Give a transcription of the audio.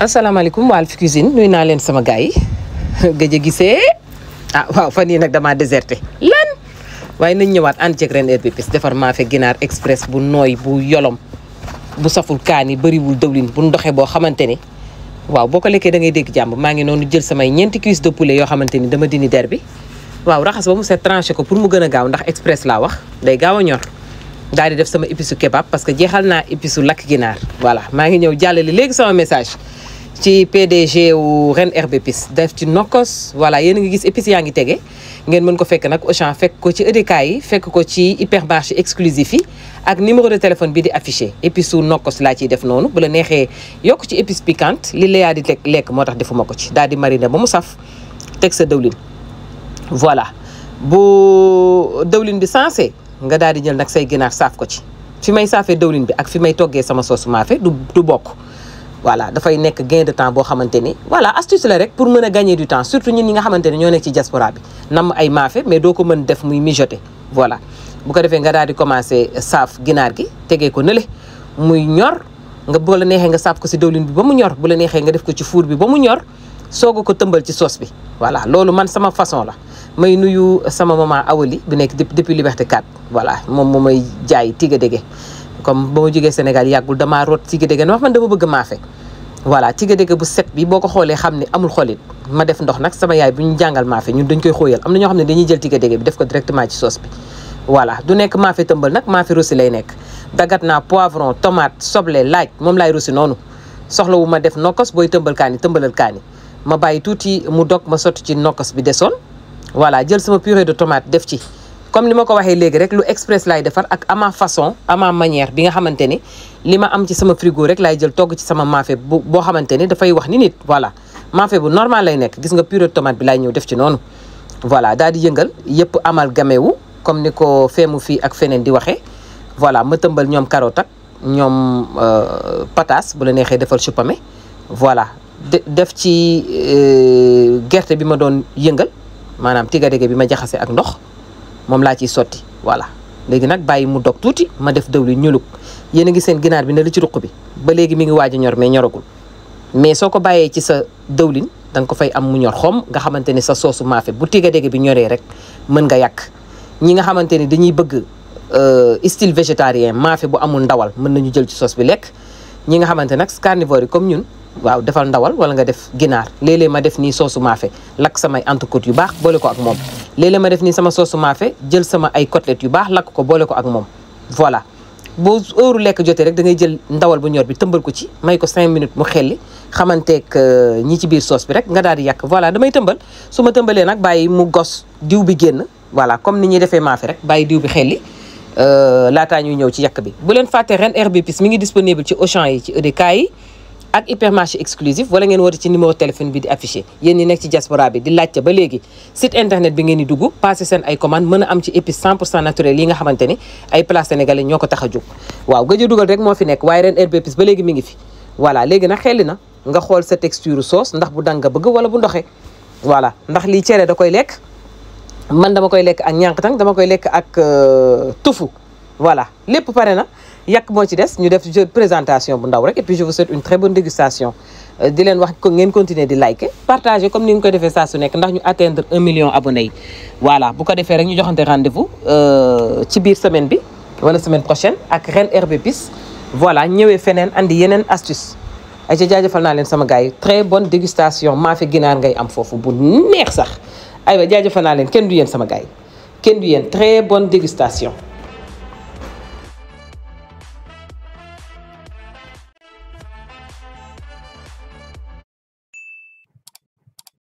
asalaamaaleykum Walf Cuisine nuy naa leen sama gaay yi gëj gisee ah waaw fan yii nag damaa déserté lan waaye nañ ñëwaat ànd ceeg Reen Herbes Épices defar maafe ginaar express bu nooy bu yolom bu saful kaani bëriwul dëwlin bu ndoxee boo xamante ni waaw boo ko lekkee da ngay dégg jàmm maa ngi noonu jël samay ñeenti cuisse de pule yoo xamante ni dama dini der bi waaw raxas ba mu set tranché ko pour mu gën a gaaw ndax express laa wax day gaaw a ñor daal di def sama épice su parce que jeexal naa épice su lakk ginaar maa ngi ñëw jàllale léegi sama message ci PDG wu Ren Herbes def ci nokkos voilà yéen a ngi gis épices yaa ngi tege ngeen mën ko fekk nag Auchan fekk ko ci EDK yi fekk ko ci hypermarché exclusif yi ak numéro de téléphone bi di affiché épices su nokkos laa ciy def noonu bu la neexee yokk ci épice piquante li la yaa di teg lekk moo tax defuma ko ci daal di mariner ba mu saf teg sa dëwlin voilà bu dëwlin bi sensé nga daal di jël nag say ginaar saaf ko ci fi may saafee dëwlin bi ak fi may toggee sama soosu maafe du du bokk voilà dafay nekk gain de temps boo xamante ni voilà astuce la rek pour mën a gagner du temps surtout ñun ñi nga xamante ne ñoo nekk ci diaspora bi nam ay maafe mais doo ko mën def muy mijoter voilà bu ko defee nga daal di commencer saaf ginaar gi tegee ko nële muy ñor nga boo la neexee nga saaf ko si diwlin bi ba mu ñor bu la neexee nga def ko ci four bi ba mu ñor soog ko tëmbal ci soos bi voilà loolu man sama façon la may nuyu sama moment Awali bu nekk depuis Liberté 4 voilà moom moo may jaay tigadege comme boo jógee Sénégal yàggul damaa root ci gédége ne wax man dama bëgg maafe voilà ci gédége bu set bi boo ko xoolee xam ne amul xolit ma def ndox nag sama yaay bu ñu jàngal maafe ñun dañ koy xóoyal am na ñoo xam ne dañuy jël ci gédége bi def ko directement ci sauce bi voilà du nekk maafe tëmbal nag maafe rosi lay nekk daggat naa poivron tomate soble laaj moom laay rosi noonu soxla wu ma def nokkos booy tëmbal kaani tëmbalal kaani ma bàyyi tuuti mu dog ma sotti ci nokkos bi desoon voilà jël sama purée tomate def ci comme ni ma ko waxee léegi rek lu express lay defar ak amaa façon ama manière bi nga xamante ni li ma am ci sama frigo rek laay jël togg ci sama maafe bu boo xamante ni dafay wax ni nit voilà maafe bu normal lay nekk gis nga purée de bi laay ñëw def ci noonu voilà daal di yëngal yëpp amal gamewu comme ni ko feemu fii ak feneen di waxee voilà ma tëmbal ñoom carotte ak ñoom euh, pataas bu la neexee defal chupame voilà def ci euh, gerte bi ma doon yëngal maanaam tigadege bi ma jaxase ak ndox moom laa ciy sotti voilà léegi nag bàyyi mu dog tuuti ma def dawlin ñulug yéen a gi seen ginaar bi ne lu ci ruq bi ba léegi mi ngi waaj a ñor mais ñoragul mais soo ko bàyyee ci sa dawlin danga ko fay am mu ñor xom nga xamante ni sa soosu maafe bu tiga dégg bi ñoree rek mën nga yàq ñi nga xamante ne dañuy bëgg euh, style végétarien maafe bu amul ndawal mën nañu jël ci soos bi lekk ñi nga xamante nag carnivore yi comme ñun waaw defal ndawal wala nga def ginaar léeg-léeg ma def nii soosu maafe lakk samay entrecôte yu baax boole ko ak moom léeg-léeg ma def nii sama soosu maafe jël sama ay côtelette yu baax lakk ko boole ko ak moom voilà boo heure lekk jotee rek dangay jël ndawal bu ñor bi tëmbal ko ci may ko cinq minutes mu xelli xamanteeg euh, ñi ci biir soos bi rek nga daal di yàq voilà damay tëmbal su ma tëmbalee nag bàyyi mu gos diw bi génn voilà comme ni ñuy defee maafe rek bàyyi diw bi xelli euh, laataa ñuy ñëw ci yàkk bi bu leen fàtte ren Herbes Épices mi ngi disponible ci Auchan yi ci EDK yi ak hypermarché exclusif wala ngeen woote ci numéro téléphone bi di affiché yéen ñi nekk ci diaspora bi di laajte ba léegi site internet bi ngeen di dugg passé seen ay commande mën a am ci épices 100 pour cent naturel yi nga xamante ni ay place sénégalais ñoo ko tax a jóg waaw gëj a dugal rek moo fi nekk waaye ren herbe épice ngi fi voilà léegi nag xelli na nga xool sa texture sauce ndax bu dang nga bëgg wala bu ndoxee voilà ndax lii cere da koy lekk man dama koy lekk ak ñànk tang dama koy lekk ak euh, tofu voilà lépp pare na yàq moo ci des ñu def jeu présentation bu ndaw rek et puis je vous souhaite une très bonne dégustation euh, di leen wax ngeen continuer di liker partager comme ni nga koy defee saa su nekk ndax ñu atteindre un million abonnés yi voilà bu ko defee rek ñu joxante rendez-vous euh, ci biir semaine bi wala semaine prochaine ak ren Herbes Épices voilà ñëwee feneen andi yeneen astuce ay ca jaajëfal naa leen sama gaay yi très bonne dégustation maafe ginaar ngay am foofu bu neex sax aywa jaajëfal naa leen kenn du yéen sama gars kenn du yéen très bonne dégustation